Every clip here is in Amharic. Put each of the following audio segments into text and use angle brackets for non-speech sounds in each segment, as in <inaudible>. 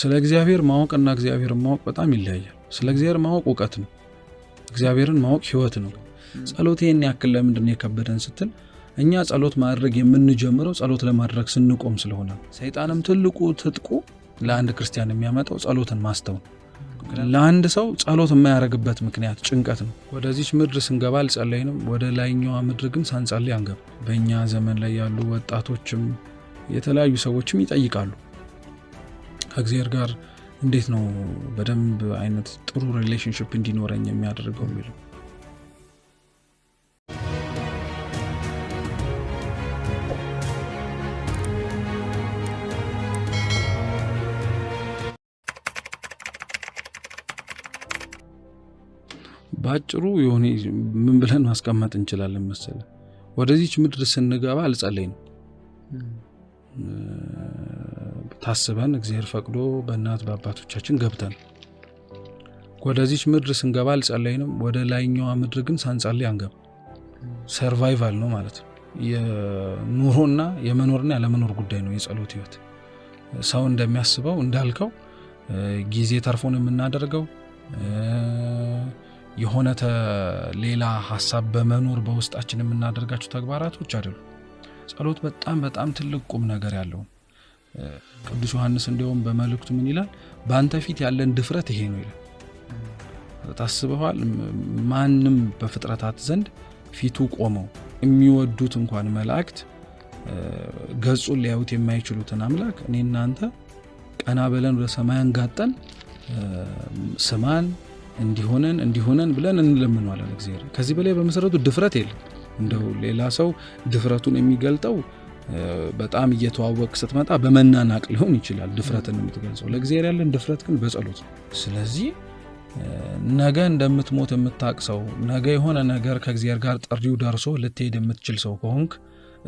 ስለ እግዚአብሔር ማወቅና እግዚአብሔርን ማወቅ በጣም ይለያያል። ስለ እግዚአብሔር ማወቅ እውቀት ነው። እግዚአብሔርን ማወቅ ህይወት ነው። ጸሎት ይህን ያክል ለምንድን የከበደን ስትል እኛ ጸሎት ማድረግ የምንጀምረው ጸሎት ለማድረግ ስንቆም ስለሆነ ሰይጣንም ትልቁ ትጥቁ ለአንድ ክርስቲያን የሚያመጣው ጸሎትን ማስተው ለአንድ ሰው ጸሎት የማያደርግበት ምክንያት ጭንቀት ነው። ወደዚች ምድር ስንገባ አልጸለይንም፣ ወደ ላይኛዋ ምድር ግን ሳንጸልይ አንገባ። በእኛ ዘመን ላይ ያሉ ወጣቶችም የተለያዩ ሰዎችም ይጠይቃሉ ከእግዚአብሔር ጋር እንዴት ነው በደንብ አይነት ጥሩ ሪሌሽንሽፕ እንዲኖረኝ የሚያደርገው የሚለው በአጭሩ የሆነ ምን ብለን ማስቀመጥ እንችላለን መሰለ፣ ወደዚች ምድር ስንገባ አልጸለይንም። ታስበን እግዚአብሔር ፈቅዶ በእናት በአባቶቻችን ገብተን ወደዚች ምድር ስንገባ አልጸለይንም። ወደ ላይኛዋ ምድር ግን ሳንጸልይ አንገብ ሰርቫይቫል ነው ማለት ነው። የኑሮና የመኖርና ያለመኖር ጉዳይ ነው የጸሎት ህይወት። ሰው እንደሚያስበው እንዳልከው ጊዜ ተርፎን የምናደርገው የሆነ ሌላ ሀሳብ በመኖር በውስጣችን የምናደርጋቸው ተግባራቶች አይደሉ ጸሎት በጣም በጣም ትልቅ ቁም ነገር ያለው ቅዱስ ዮሐንስ እንዲያውም በመልእክቱ ምን ይላል? በአንተ ፊት ያለን ድፍረት ይሄ ነው ይላል። ታስበዋል። ማንም በፍጥረታት ዘንድ ፊቱ ቆመው የሚወዱት እንኳን መላእክት ገጹን ሊያዩት የማይችሉትን አምላክ እኔ እናንተ ቀና ብለን ወደ ሰማይ አንጋጠን ስማን እንዲሆነን እንዲሆነን ብለን እንለምነዋለን። እግዚአብሔር ከዚህ በላይ በመሰረቱ ድፍረት የለም። እንደው ሌላ ሰው ድፍረቱን የሚገልጠው በጣም እየተዋወቅ ስትመጣ በመናናቅ ሊሆን ይችላል ድፍረትን የምትገልጸው። ለእግዚአብሔር ያለን ድፍረት ግን በጸሎት ነው። ስለዚህ ነገ እንደምትሞት የምታቅ ሰው፣ ነገ የሆነ ነገር ከእግዚአብሔር ጋር ጥሪው ደርሶ ልትሄድ የምትችል ሰው ከሆንክ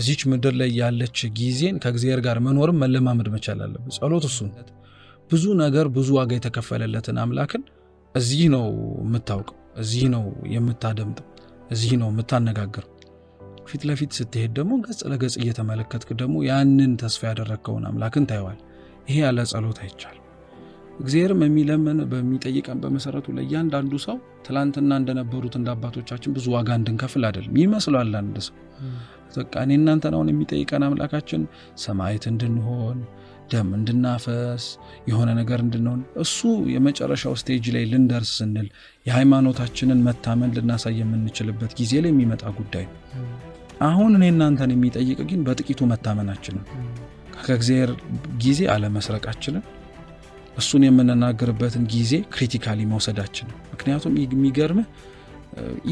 እዚች ምድር ላይ ያለች ጊዜን ከእግዚአብሔር ጋር መኖርም መለማመድ መቻል አለብን። ጸሎት እሱነት ብዙ ነገር ብዙ ዋጋ የተከፈለለትን አምላክን እዚህ ነው የምታውቀው፣ እዚህ ነው የምታደምጠው፣ እዚህ ነው የምታነጋግረው። ፊት ለፊት ስትሄድ ደግሞ ገጽ ለገጽ እየተመለከትክ ደግሞ ያንን ተስፋ ያደረግከውን አምላክን ታየዋል። ይሄ ያለ ጸሎት አይቻል እግዚአብሔርም የሚለምን በሚጠይቀን በመሰረቱ ለእያንዳንዱ ሰው ትላንትና እንደነበሩት እንደ አባቶቻችን ብዙ ዋጋ እንድንከፍል አይደለም ይመስሏል አንድ ሰው በቃ እኔ እናንተን የሚጠይቀን አምላካችን ሰማየት እንድንሆን ደም እንድናፈስ የሆነ ነገር እንድንሆን እሱ የመጨረሻው ስቴጅ ላይ ልንደርስ ስንል የሃይማኖታችንን መታመን ልናሳይ የምንችልበት ጊዜ ላይ የሚመጣ ጉዳይ ነው። አሁን እኔ እናንተን የሚጠይቅ ግን በጥቂቱ መታመናችንን ከእግዚአብሔር ጊዜ አለመስረቃችንን እሱን የምንናገርበትን ጊዜ ክሪቲካሊ መውሰዳችን ምክንያቱም የሚገርምህ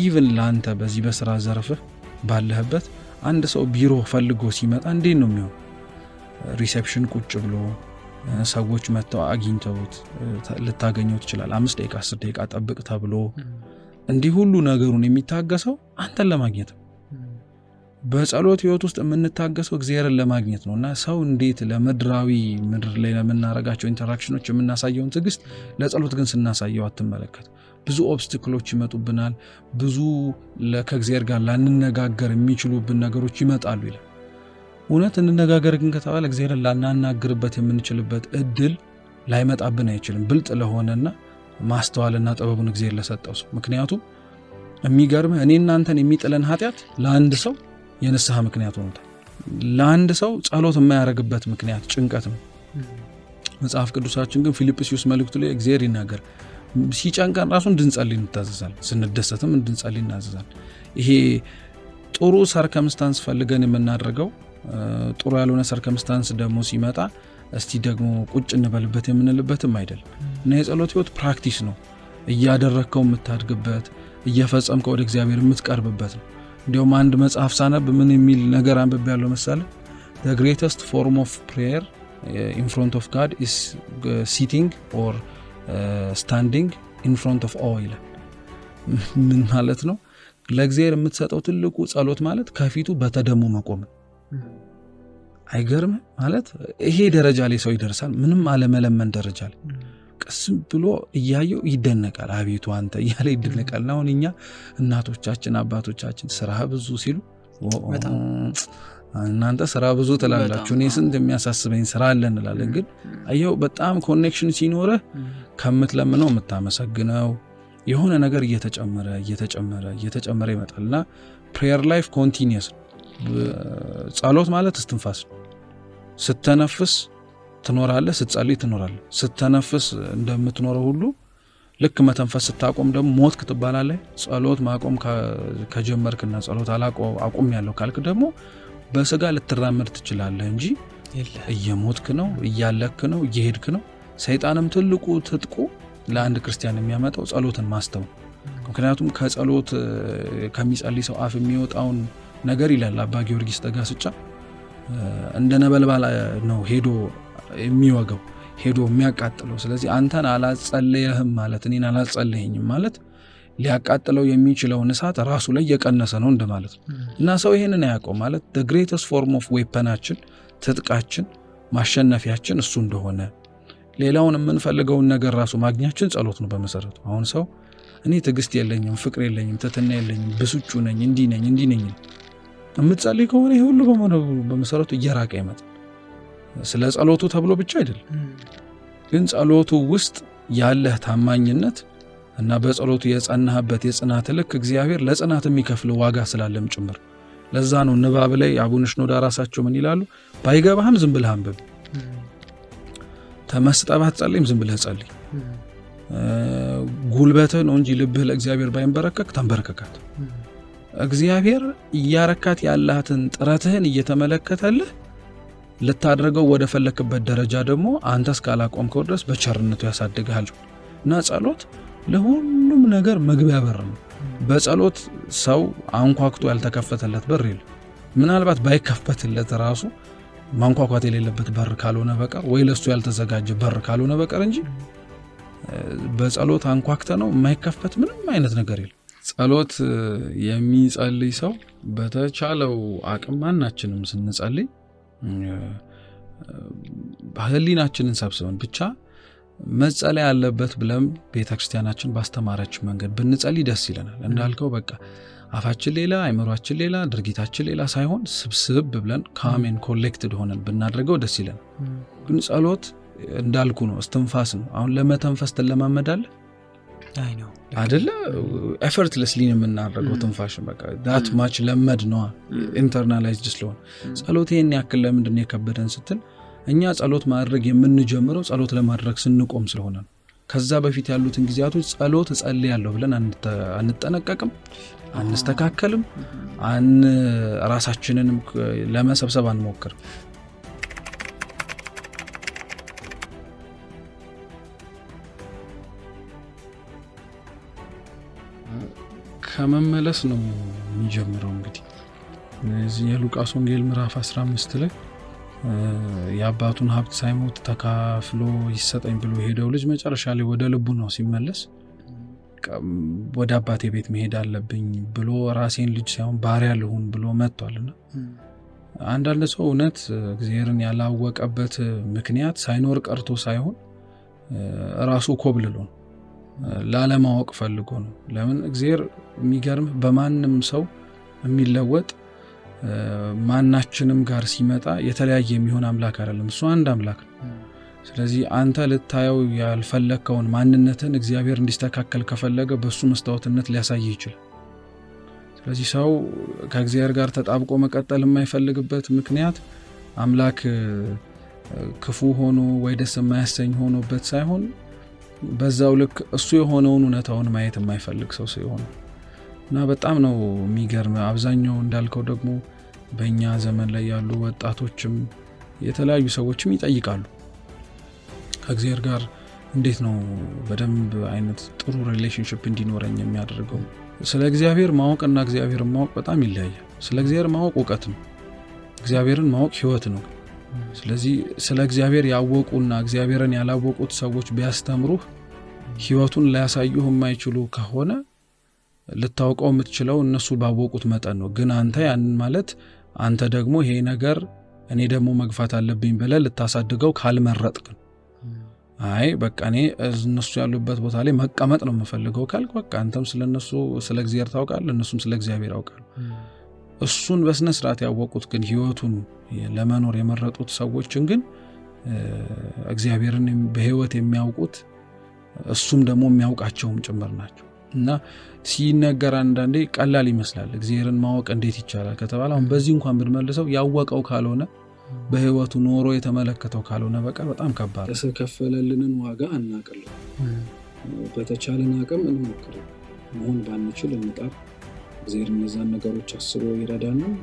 ኢቭን ለአንተ በዚህ በስራ ዘርፍህ ባለህበት አንድ ሰው ቢሮ ፈልጎ ሲመጣ እንዴት ነው የሚሆን? ሪሴፕሽን ቁጭ ብሎ ሰዎች መጥተው አግኝተውት ልታገኘው ትችላል። አምስት ደቂቃ አስር ደቂቃ ጠብቅ ተብሎ እንዲህ ሁሉ ነገሩን የሚታገሰው አንተን ለማግኘት ነው። በጸሎት ህይወት ውስጥ የምንታገሰው እግዚአብሔርን ለማግኘት ነው እና ሰው እንዴት ለምድራዊ ምድር ላይ ለምናረጋቸው ኢንተራክሽኖች የምናሳየውን ትዕግስት ለጸሎት ግን ስናሳየው አትመለከት። ብዙ ኦብስትክሎች ይመጡብናል። ብዙ ከእግዚአብሔር ጋር ላንነጋገር የሚችሉብን ነገሮች ይመጣሉ ይላል። እውነት እንነጋገር ግን ከተባለ እግዚአብሔርን ላናናግርበት የምንችልበት እድል ላይመጣብን አይችልም፣ ብልጥ ለሆነና ማስተዋልና ጥበቡን እግዚአብሔር ለሰጠው ሰው። ምክንያቱም የሚገርምህ እኔ እናንተን የሚጥለን ኃጢአት ለአንድ ሰው የንስሐ ምክንያት ሆኖታል። ለአንድ ሰው ጸሎት የማያደርግበት ምክንያት ጭንቀት ነው። መጽሐፍ ቅዱሳችን ግን ፊልጵስዩስ መልእክቱ ላይ እግዚአብሔር ይናገር ሲጨንቀን ራሱ እንድንጸል እንታዘዛል፣ ስንደሰትም እንድንጸል እናዘዛል። ይሄ ጥሩ ሰርከምስታንስ ፈልገን የምናደርገው ጥሩ ያልሆነ ሰርከምስታንስ ደግሞ ሲመጣ እስቲ ደግሞ ቁጭ እንበልበት የምንልበትም አይደለም እና የጸሎት ህይወት ፕራክቲስ ነው። እያደረግከው የምታድግበት፣ እየፈጸምከው ወደ እግዚአብሔር የምትቀርብበት ነው። እንዲሁም አንድ መጽሐፍ ሳነብ ምን የሚል ነገር አንብቤ ያለው መሳለ ዘ ግሬተስት ፎርም ኦፍ ፕሬየር ኢንፍሮንት ኦፍ ጋድ ኢስ ሲቲንግ ኦር ስታንዲንግ ኢንፍሮንት ኦፍ ኦ ይላል። <laughs> ምን ማለት ነው? ለእግዚአብሔር የምትሰጠው ትልቁ ጸሎት ማለት ከፊቱ በተደሙ መቆም። አይገርም ማለት ይሄ ደረጃ ላይ ሰው ይደርሳል። ምንም አለመለመን ደረጃ ላይ ስም ብሎ እያየው ይደነቃል። አቤቱ አንተ እያለ ይደነቃል። አሁን እኛ እናቶቻችን አባቶቻችን ስራ ብዙ ሲሉ እናንተ ስራ ብዙ ትላላችሁ፣ እኔ ስንት የሚያሳስበኝ ስራ አለ እንላለን። ግን አየው በጣም ኮኔክሽን ሲኖረህ ከምትለምነው የምታመሰግነው የሆነ ነገር እየተጨመረ እየተጨመረ እየተጨመረ ይመጣልና ፕሬየር ላይፍ ኮንቲኒየስ ነው። ጸሎት ማለት እስትንፋስ ነው። ስተነፍስ ትኖራለህ፣ ስትጸልይ ትኖራለህ። ስተነፍስ እንደምትኖረው ሁሉ ልክ መተንፈስ ስታቆም ደግሞ ሞትክ ትባላለህ። ጸሎት ማቆም ከጀመርክና ጸሎት አቁም ያለው ካልክ ደግሞ በስጋ ልትራመድ ትችላለህ እንጂ እየሞትክ ነው፣ እያለክ ነው፣ እየሄድክ ነው። ሰይጣንም ትልቁ ትጥቁ ለአንድ ክርስቲያን የሚያመጣው ጸሎትን ማስተው። ምክንያቱም ከጸሎት ከሚጸልይ ሰው አፍ የሚወጣውን ነገር ይላል አባ ጊዮርጊስ ስጫ እንደ ነበልባል ነው ሄዶ የሚወገው ሄዶ የሚያቃጥለው። ስለዚህ አንተን አላጸለየህም ማለት እኔን አላጸለየኝም ማለት ሊያቃጥለው የሚችለውን እሳት ራሱ ላይ የቀነሰ ነው እንደማለት ነው። እና ሰው ይሄንን አያውቀው ማለት ግሬተስ ፎርም ኦፍ ዌፐናችን ትጥቃችን፣ ማሸነፊያችን እሱ እንደሆነ ሌላውን የምንፈልገውን ነገር ራሱ ማግኛችን ጸሎት ነው በመሰረቱ። አሁን ሰው እኔ ትዕግስት የለኝም፣ ፍቅር የለኝም፣ ትትና የለኝም፣ ብስጩ ነኝ፣ እንዲህ ነኝ፣ እንዲህ ነኝ የምትጸልይ ከሆነ ይህ ሁሉ በመሰረቱ እየራቀ ይመጣል። ስለ ጸሎቱ ተብሎ ብቻ አይደለም፣ ግን ጸሎቱ ውስጥ ያለህ ታማኝነት እና በጸሎቱ የጸናህበት የጽናት ልክ እግዚአብሔር ለጽናት የሚከፍል ዋጋ ስላለም ጭምር። ለዛ ነው ንባብ ላይ አቡነ ሽኖዳ ራሳቸው ምን ይላሉ? ባይገባህም ዝም ብለህ አንብብ፣ ተመስጠህ ባትጸልይም ዝም ብለህ ጸልይ። ጉልበትህ ነው እንጂ ልብህ ለእግዚአብሔር ባይንበረከክ ተንበረከካት። እግዚአብሔር እያረካት ያላትን ጥረትህን እየተመለከተልህ ልታደርገው ወደ ፈለክበት ደረጃ ደግሞ አንተ እስካላቆምከው ድረስ በቸርነቱ ያሳድግሃል እና ጸሎት ለሁሉም ነገር መግቢያ በር ነው። በጸሎት ሰው አንኳኩቶ ያልተከፈተለት በር የለም። ምናልባት ባይከፈትለት ራሱ ማንኳኳት የሌለበት በር ካልሆነ በቀር ወይ ለሱ ያልተዘጋጀ በር ካልሆነ በቀር እንጂ በጸሎት አንኳክተ ነው የማይከፈት ምንም አይነት ነገር የለም። ጸሎት የሚጸልይ ሰው በተቻለው አቅም ማናችንም ስንጸልይ ህሊናችንን ሰብስበን ብቻ መጸለይ ያለበት ብለም ቤተ ክርስቲያናችን ባስተማረች መንገድ ብንጸልይ ደስ ይለናል። እንዳልከው በቃ አፋችን ሌላ፣ አይምሯችን ሌላ፣ ድርጊታችን ሌላ ሳይሆን ስብስብ ብለን ካሜን ኮሌክትድ ሆነን ብናደርገው ደስ ይለናል። ግን ጸሎት እንዳልኩ ነው፣ እስትንፋስ ነው። አሁን ለመተንፈስ ትለማመዳለህ አደለ ኤፈርትለስሊ የምናደርገው ትንፋሽ በቃ ዳት ማች ለመድ ነዋ ኢንተርናላይዝድ ስለሆነ ጸሎት ይህን ያክል ለምንድን የከበደን ስትል እኛ ጸሎት ማድረግ የምንጀምረው ጸሎት ለማድረግ ስንቆም ስለሆነ ነው። ከዛ በፊት ያሉትን ጊዜያቶች ጸሎት እጸልያለሁ ብለን አንጠነቀቅም፣ አንስተካከልም፣ ራሳችንንም ለመሰብሰብ አንሞክርም። ከመመለስ ነው የሚጀምረው። እንግዲህ እዚህ የሉቃስ ወንጌል ምዕራፍ 15 ላይ የአባቱን ሀብት ሳይሞት ተካፍሎ ይሰጠኝ ብሎ የሄደው ልጅ መጨረሻ ላይ ወደ ልቡ ነው ሲመለስ ወደ አባቴ ቤት መሄድ አለብኝ ብሎ ራሴን ልጅ ሳይሆን ባሪያ ልሁን ብሎ ና አንዳንድ ሰው እውነት እግዚአብሔርን ያላወቀበት ምክንያት ሳይኖር ቀርቶ ሳይሆን ራሱ ኮብልሎ ነው፣ ላለማወቅ ፈልጎ ነው። ለምን እግዚአብሔር የሚገርም በማንም ሰው የሚለወጥ ማናችንም ጋር ሲመጣ የተለያየ የሚሆን አምላክ አይደለም። እሱ አንድ አምላክ ነው። ስለዚህ አንተ ልታየው ያልፈለግከውን ማንነትን እግዚአብሔር እንዲስተካከል ከፈለገ በእሱ መስታወትነት ሊያሳይ ይችላል። ስለዚህ ሰው ከእግዚአብሔር ጋር ተጣብቆ መቀጠል የማይፈልግበት ምክንያት አምላክ ክፉ ሆኖ ወይ ደስ የማያሰኝ ሆኖበት ሳይሆን በዛው ልክ እሱ የሆነውን እውነታውን ማየት የማይፈልግ ሰው ሲሆን እና በጣም ነው የሚገርም። አብዛኛው እንዳልከው ደግሞ በእኛ ዘመን ላይ ያሉ ወጣቶችም የተለያዩ ሰዎችም ይጠይቃሉ ከእግዚአብሔር ጋር እንዴት ነው በደንብ አይነት ጥሩ ሪሌሽንሽፕ እንዲኖረኝ የሚያደርገው? ስለ እግዚአብሔር ማወቅና እግዚአብሔርን ማወቅ በጣም ይለያያል። ስለ እግዚአብሔር ማወቅ እውቀት ነው። እግዚአብሔርን ማወቅ ህይወት ነው። ስለዚህ ስለ እግዚአብሔር ያወቁና እግዚአብሔርን ያላወቁት ሰዎች ቢያስተምሩህ ህይወቱን ሊያሳዩህ የማይችሉ ከሆነ ልታውቀው የምትችለው እነሱ ባወቁት መጠን ነው። ግን አንተ ያንን ማለት አንተ ደግሞ ይሄ ነገር እኔ ደግሞ መግፋት አለብኝ ብለህ ልታሳድገው ካልመረጥክ አይ በቃ እኔ እነሱ ያሉበት ቦታ ላይ መቀመጥ ነው የምፈልገው ካልክ በቃ አንተም ስለነሱ ስለ እግዚአብሔር ታውቃለህ፣ እነሱም ስለ እግዚአብሔር ያውቃሉ። እሱን በስነ ስርዓት ያወቁት ግን ህይወቱን ለመኖር የመረጡት ሰዎችን ግን እግዚአብሔርን በህይወት የሚያውቁት እሱም ደግሞ የሚያውቃቸውም ጭምር ናቸው። እና ሲነገር አንዳንዴ ቀላል ይመስላል። እግዚአብሔርን ማወቅ እንዴት ይቻላል ከተባለ አሁን በዚህ እንኳን ብንመልሰው ያወቀው ካልሆነ በህይወቱ ኖሮ የተመለከተው ካልሆነ በቀር በጣም ከባድ። የተከፈለልንን ዋጋ አናቅልን። በተቻለን አቅም እንሞክር፣ መሆን ባንችል እንጣር። እግዚአብሔር እነዛን ነገሮች አስቦ ይረዳናል።